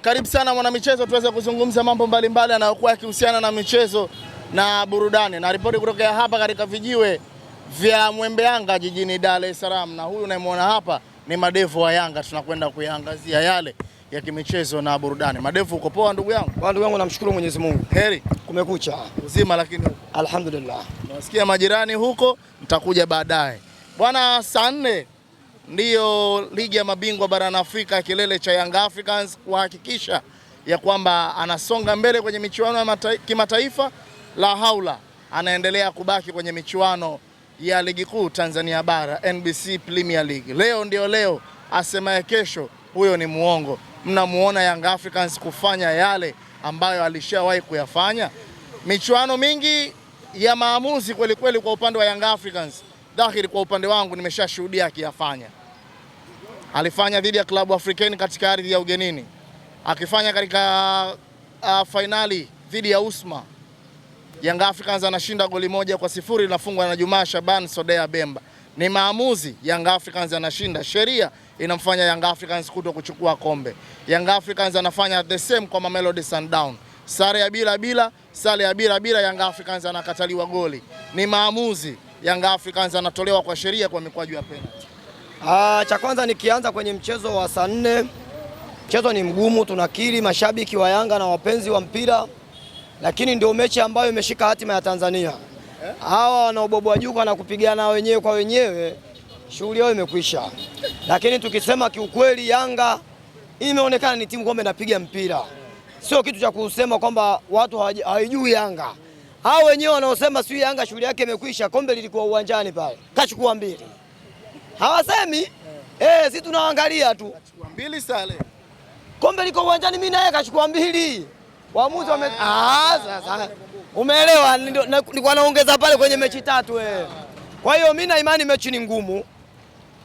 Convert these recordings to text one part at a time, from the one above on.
Karibu sana mwanamichezo, tuweze kuzungumza mambo mbalimbali yanayokuwa yakihusiana na michezo na burudani na ripoti kutokea hapa katika vijiwe vya mwembe Yanga jijini Dar es Salaam, na huyu unayemwona hapa ni Madevu wa Yanga. Tunakwenda kuyaangazia yale ya kimichezo na burudani. Madevu, uko poa ndugu yangu? Poa ndugu yangu, namshukuru Mwenyezi Mungu. Heri kumekucha uzima, lakini alhamdulillah nasikia majirani huko, nitakuja baadaye bwana, saa nne ndiyo ligi ya mabingwa barani Afrika, kilele cha Young Africans kuhakikisha ya kwamba anasonga mbele kwenye michuano ya kimataifa, la haula anaendelea kubaki kwenye michuano ya ligi kuu Tanzania bara NBC Premier League. Leo ndio leo, asemaye kesho huyo ni muongo. Mnamuona Young Africans kufanya yale ambayo alishawahi kuyafanya michuano mingi ya maamuzi kwelikweli. Kwa upande wa Young Africans dhahiri, kwa upande wangu nimeshashuhudia akiyafanya alifanya dhidi ya klabu Afrikeni katika ardhi ya ugenini, akifanya katika uh, fainali dhidi ya Usma. Yanga Africans anashinda goli moja kwa sifuri linafungwa na Jumaa Shaban Sodea Bemba. Ni maamuzi, Yanga Africans anashinda. Sheria inamfanya Yanga Africans kuto kuchukua kombe. Yanga Africans anafanya the same kwa Mamelodi Sundown, sare ya bila bila, sare ya bila bila. Yanga Africans anakataliwa goli, ni maamuzi. Yanga Africans anatolewa kwa sheria kwa mikwaju ya penalty. Ah, cha kwanza nikianza kwenye mchezo wa saa nne, mchezo ni mgumu, tunakiri mashabiki wa Yanga na wapenzi wa mpira, lakini ndio mechi ambayo imeshika hatima ya Tanzania. Hawa juu kwa na kupigana wenyewe kwa wenyewe, shughuli yao imekwisha. Lakini tukisema kiukweli, Yanga imeonekana ni timu kwamba inapiga mpira, sio kitu cha kusema kwamba watu hawajui Yanga. Hao wenyewe wanaosema sio Yanga shughuli yake imekwisha, kombe lilikuwa uwanjani pale, kachukua mbili hawasemi eh. Eh, si tunaangalia tu mbili sale. Kombe liko uwanjani, mimi naye kachukua mbili. Waamuzi wame ah, sasa ah, umeelewa, nilikuwa naongeza pale kwenye mechi tatu wewe. Eh. Kwa hiyo mimi na imani mechi ni ngumu,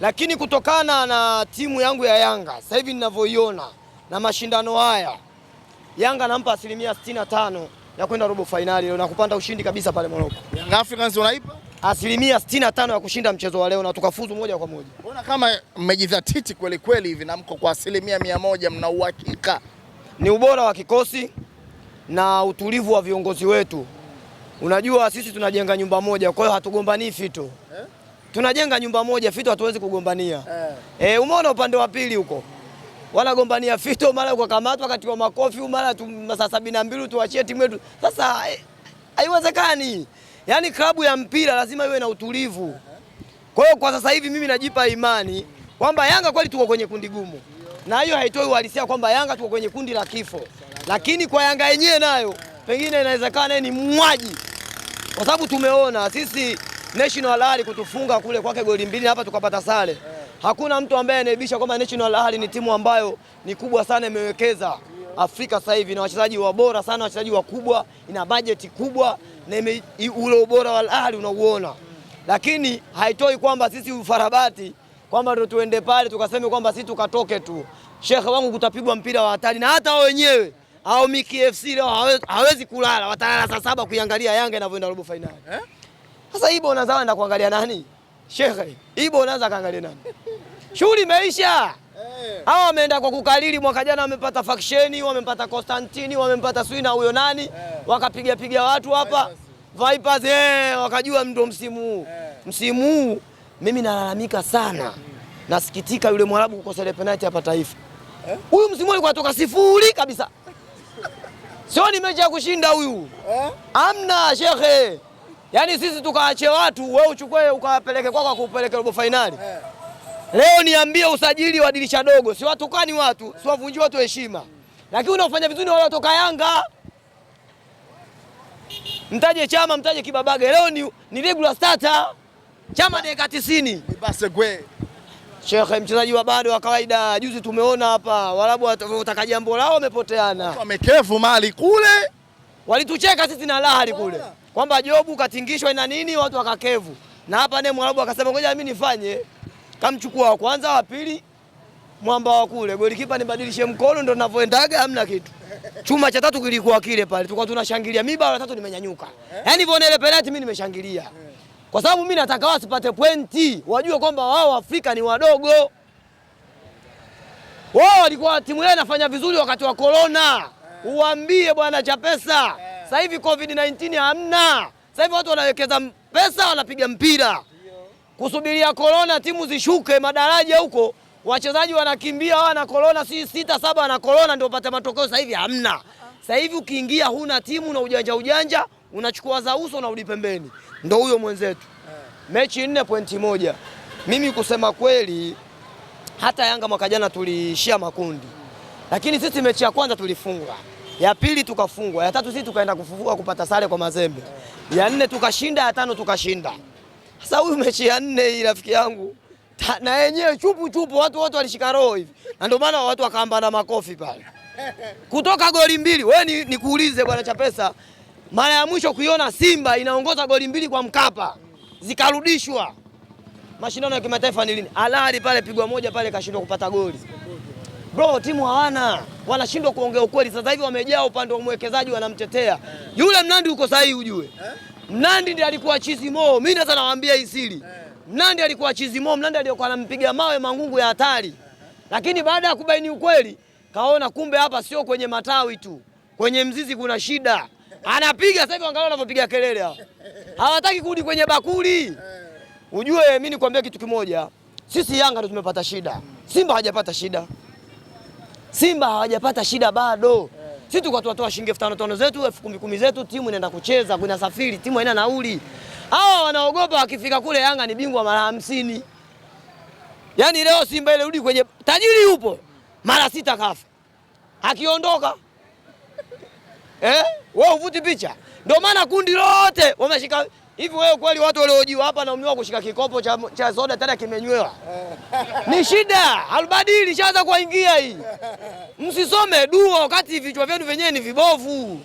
lakini kutokana na timu yangu ya Yanga sasa hivi ninavyoiona na mashindano haya, Yanga nampa asilimia 65 ya kwenda robo fainali na kupanda ushindi kabisa pale Morocco. Yanga Africans unaipa asilimia 65 ya kushinda mchezo wa leo na tukafuzu moja kwa moja. Mbona kama mmejidhatiti kweli kweli hivi na mko kwa asilimia mia moja mna uhakika? Ni ubora wa kikosi na utulivu wa viongozi wetu. Unajua sisi tunajenga nyumba moja, kwa hiyo hatugombanii fito eh? Tunajenga nyumba moja, fito hatuwezi kugombania eh. Eh, umeona upande wa pili huko wanagombania fito, mara kwa kamatwa kati wa makofi, mara saa sabini na mbili tuwachie timu yetu. Sasa eh, haiwezekani eh, Yaani klabu ya mpira lazima iwe na utulivu. Kwa hiyo kwa sasa hivi mimi najipa imani kwamba Yanga kweli tuko kwenye kundi gumu, na hiyo haitoi uhalisia kwamba Yanga tuko kwenye kundi la kifo, lakini kwa Yanga yenyewe nayo pengine inawezekana ni mwaji, kwa sababu tumeona sisi National Ahli kutufunga kule kwake goli mbili hapa tukapata sare. Hakuna mtu ambaye anaibisha kwamba National Ahli ni timu ambayo ni kubwa sana, imewekeza Afrika sasa hivi na wachezaji wa bora sana, wachezaji wakubwa, ina bajeti kubwa na ule ubora wa Al unauona, lakini haitoi kwamba sisi ufarabati kwamba ndio tuende pale tukaseme kwamba sisi tukatoke tu. Shekhe wangu, kutapigwa mpira wa hatari, na hata wao wenyewe au Miki FC leo hawezi kulala, watalala saa saba kuiangalia Yanga inavyoenda robo finali. Eh? Sasa eh? Ibo unaanza kuangalia nani? Shekhe, Ibo unaanza kaangalia nani? Shughuli imeisha hawa wameenda kwa kukalili mwaka jana, wamepata faksheni, wamempata Konstantini, wamempata sui na huyo nani yeah. wakapiga piga watu hapa Vipers eh, wakajua ndo msimu huu yeah. msimu huu mimi nalalamika sana yeah. nasikitika yule Mwarabu kukosele penalti hapa Taifa eh? huyu yeah. msimu alikuwa atoka sifuri kabisa ni mechi ya kushinda huyu yeah. amna shekhe, yaani sisi tukaache watu, wewe uchukue ukawapeleke kwako, akupeleke robo fainali yeah. Leo niambie usajili wa dirisha dogo, si watukani watu, si wavunji watu heshima, lakini unaofanya vizuri wale watoka Yanga. Mtaje Chama, mtaje Kibabage. Leo ni, ni regular starter Chama dakika 90. Ni Shekhe, mchezaji wa bado wa kawaida. Juzi tumeona hapa Warabu wataka jambo lao, wamepoteana, wamekefu mali kule, walitucheka sisi na lahari kule kwamba Jobu katingishwa na nini, watu wakakevu, na hapa naye Mwarabu akasema ngoja mimi nifanye kamchukua wa kwanza, wa pili, mwamba wa kule, golikipa nibadilishe mkono, ndo ninavyoendaga, hamna kitu. Chuma cha tatu kilikuwa kile pale, tulikuwa tunashangilia. Mimi bao la tatu nimenyanyuka, yaani nilivyoona ile penalty mimi nimeshangilia, kwa sababu mimi nataka wasipate pointi, wajue kwamba wao Afrika ni wadogo. Wao walikuwa timu yao inafanya vizuri wakati wa corona, uambie bwana cha pesa. Sasa hivi covid 19 hamna. Sasa hivi watu wanawekeza pesa, wanapiga mpira kusubiria korona timu zishuke madaraja huko, wachezaji wanakimbia na korona, si sita saba wana korona ndio upate matokeo. Sasa hivi hamna. Sasa hivi ukiingia huna timu na ujanja ujanja, unachukua za uso na udi pembeni, ndio huyo mwenzetu. Mechi nne pointi moja. Mimi kusema kweli, hata Yanga mwaka jana tuliishia makundi, lakini sisi mechi ya kwanza tulifungwa ya pili tukafungwa, ya tatu sisi tukaenda kufufua kupata sare kwa Mazembe, ya nne tukashinda, ya tano tukashinda. Sasa huyu mechi ya nne hii rafiki yangu na yenyewe chupu chupu, watu wote walishika roho hivi, na ndio maana watu wakaambana makofi pale kutoka goli mbili. Wewe nikuulize ni bwana Chapesa, mara ya mwisho kuiona Simba inaongoza goli mbili kwa Mkapa zikarudishwa mashindano ya kimataifa ni lini? Alali pale pigwa moja pale kashindwa kupata goli. Bro, timu hawana, wanashindwa kuongea ukweli. Sasa hivi wamejaa upande wa mwekezaji, wanamtetea yule mnandi. Uko sahihi, ujue Mnandi ndiye alikuwa chizi mo. Mimi naweza nawaambia hii siri. Eh. Mnandi alikuwa chizi mo, Mnandi alikuwa anampiga mawe Mangungu ya hatari. Lakini baada ya kubaini ukweli, kaona kumbe hapa sio kwenye matawi tu. Kwenye mzizi kuna shida. Anapiga sasa hivi angalau anavyopiga kelele hapo. Hawataki kurudi kwenye bakuli. Eh. Ujue mimi nikwambia kitu kimoja. Sisi Yanga ndio tumepata shida. Simba hajapata shida. Simba hawajapata shida bado. Sisi tulikuwa tunatoa shilingi elfu tano tano zetu elfu kumi kumi zetu, timu inaenda kucheza, kuna safiri, timu haina nauli. Hawa wanaogopa wakifika kule, Yanga ni bingwa mara hamsini. Yaani leo Simba ile rudi kwenye tajiri yupo mara sita kafa, akiondoka eh, wewe uvuti picha. Ndio maana kundi lote wameshika Hivi wewe kweli watu waliojiwa hapa naumniwa kushika kikopo cha, cha soda tena kimenywewa ni shida, albadili ishaanza kuingia hii. Msisome dua wakati vichwa vyenu vyenyewe ni vibovu.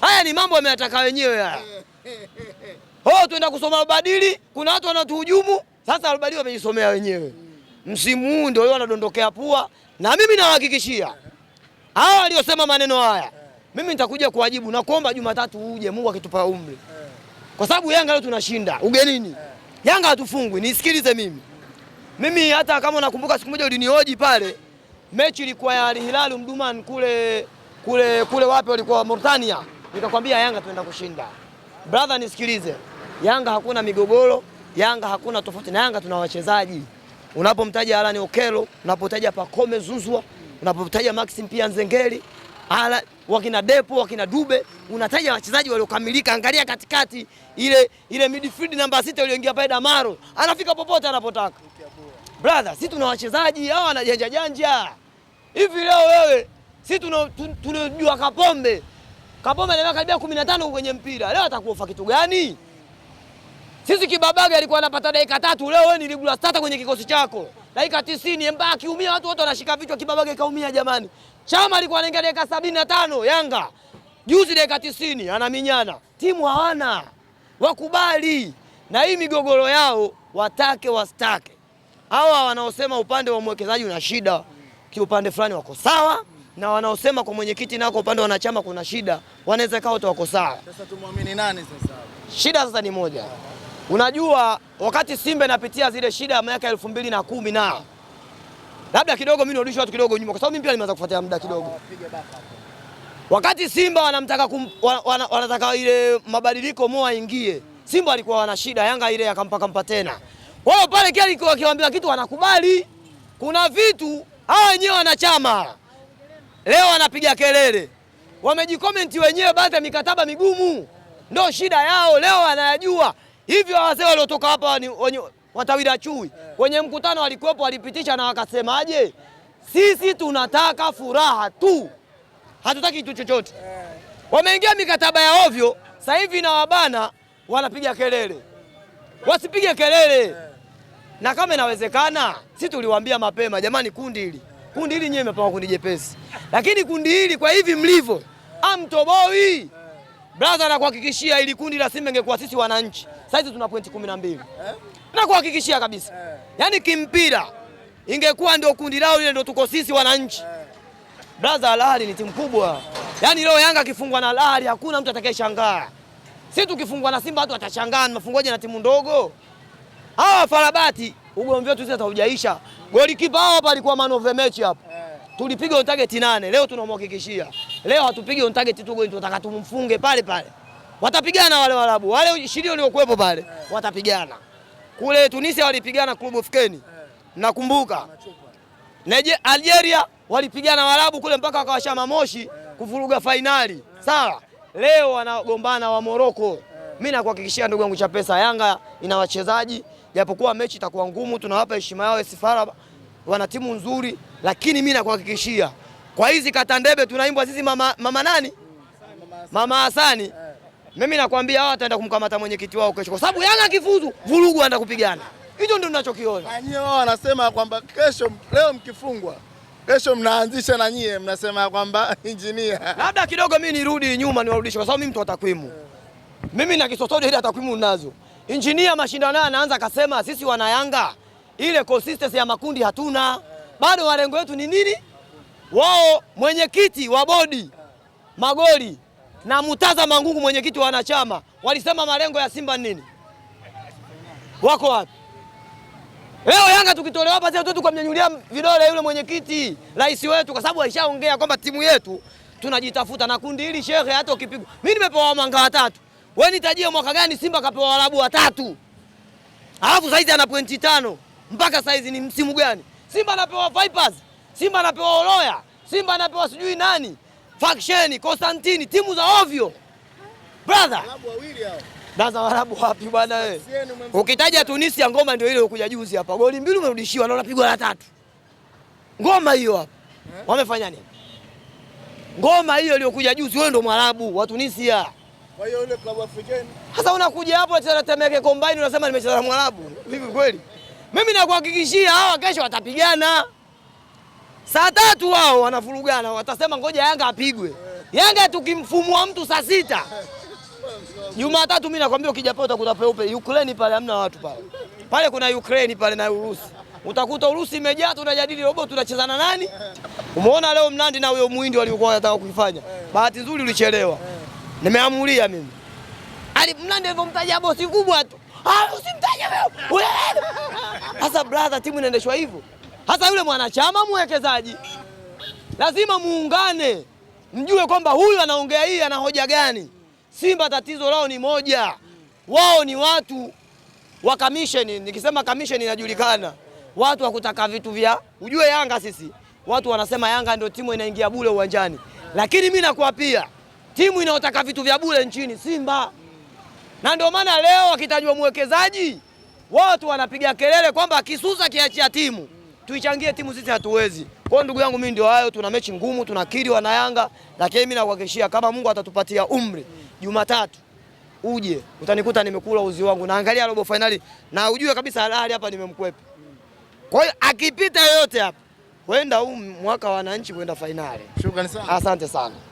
Haya ni mambo yameyataka wenyewe haya. Oh, tuenda kusoma albadili, kuna watu wanatuhujumu sasa. Albadili wamejisomea wenyewe, msimu huu ndio wanadondokea pua, na mimi nawahakikishia hawa waliosema maneno haya, mimi nitakuja kuwajibu na kuomba Jumatatu uje, Mungu akitupa umri kwa sababu Yanga leo tunashinda ugenini yeah. Yanga hatufungwi. Nisikilize mimi mimi, hata kama unakumbuka siku moja ulinioji pale, mechi ilikuwa ya Al Hilal Mduman kule kule kule, wapi walikuwa Mauritania, nikakwambia Yanga tunaenda kushinda. Brother, nisikilize, Yanga hakuna migogoro, Yanga hakuna tofauti na Yanga tuna wachezaji unapomtaja Alan Okelo, unapotaja Pacome Zuzwa, unapotaja Maxim Pia Nzengeli ala, wakina Depo, wakina Dube, unataja wachezaji waliokamilika. Angalia katikati ile ile midfield namba sita iliyoingia pale Damaro, anafika popote anapotaka. Brother, sisi tuna wachezaji hao wanajanja janja hivi. Leo wewe, sisi tunajua Kapombe, Kapombe ana miaka karibia kumi kwenye mpira, leo atakuofa kitu gani? Sisi Kibabaga alikuwa anapata dakika tatu, leo wewe ni regular starter kwenye kikosi chako dakika 90 mbaki umia, watu wote wanashika vichwa. Kibabaga kaumia jamani, Chama alikuwa anaingia dakika sabini na tano Yanga juzi dakika tisini anaminyana. Timu hawana wakubali, na hii migogoro yao watake wastake. Hawa wanaosema upande wa mwekezaji una shida kiupande fulani wako sawa, na wanaosema kwa mwenyekiti nako upande wa wanachama kuna shida, wanaweza kaa wote wako sawa. Sasa tumwamini nani? Sasa shida sasa ni moja. Unajua wakati Simba inapitia zile shida ya miaka elfu mbili na kumi na labda kidogo mimi nirudishe watu kidogo nyuma, kwa sababu mimi pia nimeanza kufuatia muda kidogo. Wakati Simba wanamtaka kum, wan, wanataka ile mabadiliko Mo aingie, Simba alikuwa wana shida, Yanga ile akampa kampa tena. Kwa hiyo pale kile alikuwa akiwaambia kitu wanakubali. Kuna vitu hawa wenyewe wanachama leo wanapiga kelele, wamejikomenti wenyewe baadhi ya mikataba migumu, ndio shida yao leo wanayajua hivyo. Wazee waliotoka hapa wa Chui kwenye mkutano walikuwepo, walipitisha na wakasemaje, sisi tunataka furaha tu, hatutaki kitu chochote. Eh. Wameingia mikataba ya ovyo sasa hivi na wabana wanapiga kelele, wasipige kelele. Eh. Na kama inawezekana, si tuliwaambia mapema, jamani, kundi hili kundi hili nyewe imepangwa kundi jepesi, lakini kundi hili kwa hivi mlivyo amtoboi Brother, nakuhakikishia ili kundi la Simba ingekuwa sisi wananchi, saizi tuna pointi kumi na mbili eh? Nakuhakikishia kabisa eh. Yaani kimpira ingekuwa ndio kundi lao lile ndio tuko sisi wananchi eh. Brother, Al Ahly ni timu kubwa yaani leo Yanga akifungwa na Al Ahly hakuna mtu atakayeshangaa. Sisi tukifungwa na Simba watu watashangaa, mnafungoje na timu ndogo? Hawa farabati ugomvi wetu sisi haujaisha. Golikipa hapa alikuwa man of the match hapa tulipiga on target nane, leo tunamhakikishia. Leo hatupigi on target tu goli, tunataka tumfunge pale pale. Watapigana wale Waarabu, wale ishirini waliokuwepo pale watapigana. Kule Tunisia walipigana Club Fkeni, nakumbuka. Algeria walipigana Waarabu kule mpaka wakawasha mamoshi kuvuruga fainali. Sawa, leo wanagombana wa Moroko. Mimi nakuhakikishia ndugu yangu Chapesa, Yanga ina wachezaji japokuwa mechi itakuwa ngumu, tunawapa heshima yao, sifara wana timu nzuri, lakini mimi nakuhakikishia kwa hizi kata ndebe tunaimbwa sisi mama, mama nani mama Hasani, mimi nakwambia hawa wataenda kumkamata mwenyekiti wao kesho, kwa sababu Yanga kifuzu vurugu anaenda kupigana. Hicho ndio ninachokiona nyie wao wanasema kwamba kesho, leo mkifungwa kesho mnaanzisha na nyie mnasema kwamba injinia. Labda kidogo mimi nirudi nyuma niwarudishe, kwa sababu mimi mtu wa takwimu, mimi na kisosodi ile takwimu ninazo. Injinia mashindano anaanza, akasema sisi wana Yanga ile consistency ya makundi hatuna bado. Malengo yetu ni nini? Wao mwenyekiti wa bodi Magoli na Mutaza Mangungu, mwenyekiti wa wanachama, walisema malengo ya Simba nini? Wako wapi leo? Yanga tukitolewa hapa sasa, tu kumnyanyulia vidole yule mwenyekiti, rais wetu, kwa sababu alishaongea kwamba timu yetu tunajitafuta na kundi hili. Shehe, hata ukipigwa mimi nimepewa mwanga watatu, wewe nitajie mwaka gani Simba kapewa walabu watatu, alafu saizi ana pointi tano mpaka saizi ni msimu gani? Simba anapewa Vipers, Simba anapewa Oloya, Simba anapewa sijui nani Faction, Constantine, timu za ovyo brother. Daza Waarabu wapi bwana wewe? Ukitaja Tunisia ngoma ndio ile ukuja juzi hapa. Goli mbili umerudishiwa na unapigwa la tatu. Ngoma hiyo hapa. Eh? Wamefanya nini? Ngoma hiyo iliyokuja juzi wewe ndio Mwarabu wa Tunisia. Kwa hiyo ile club African. Sasa unakuja hapo unatetemeke combine unasema nimecheza na Mwarabu. Vipi kweli? Mimi nakuhakikishia hawa kesho watapigana saa tatu, wao wanavurugana, watasema ngoja Yanga apigwe. Yanga tukimfumua mtu saa sita Jumatatu, mimi nakwambia ukijapo utakuta peupe. Ukraine pale hamna watu pale pale, kuna Ukraine pale na Urusi, utakuta Urusi imejaa, tunajadili robo, tunachezana nani. Umeona leo Mnandi na huyo Muhindi walikuwa wanataka kuifanya, bahati nzuri ulichelewa. Nimeamulia mimi ali Mnandi alivyomtaja bosi kubwa tu usimtaje wewe. Sasa brother, timu inaendeshwa hivyo. Sasa yule mwanachama mwekezaji lazima muungane, mjue kwamba huyu anaongea hii, ana hoja gani? Simba tatizo lao ni moja, wao ni watu wa kamisheni. Nikisema kamisheni inajulikana, watu wa kutaka vitu vya ujue. Yanga sisi watu wanasema Yanga ndio timu inaingia bure uwanjani, lakini mimi nakuapia timu inayotaka vitu vya bure nchini Simba na ndio maana leo wakitajwa mwekezaji watu wanapiga kelele kwamba Kisusa kiachia timu, tuichangie timu, sisi hatuwezi. Kwa ndugu yangu, mimi ndio hayo, tuna mechi ngumu, tunakiri wana Yanga, lakini mimi nakuhakikishia kama Mungu atatupatia umri, Jumatatu uje utanikuta nimekula uzi wangu, naangalia robo fainali na ujue kabisa halali hapa nimemkwepa. Kwa hiyo akipita yote hapa, wenda huu mwaka wananchi kwenda finali. Shukrani sana, asante sana.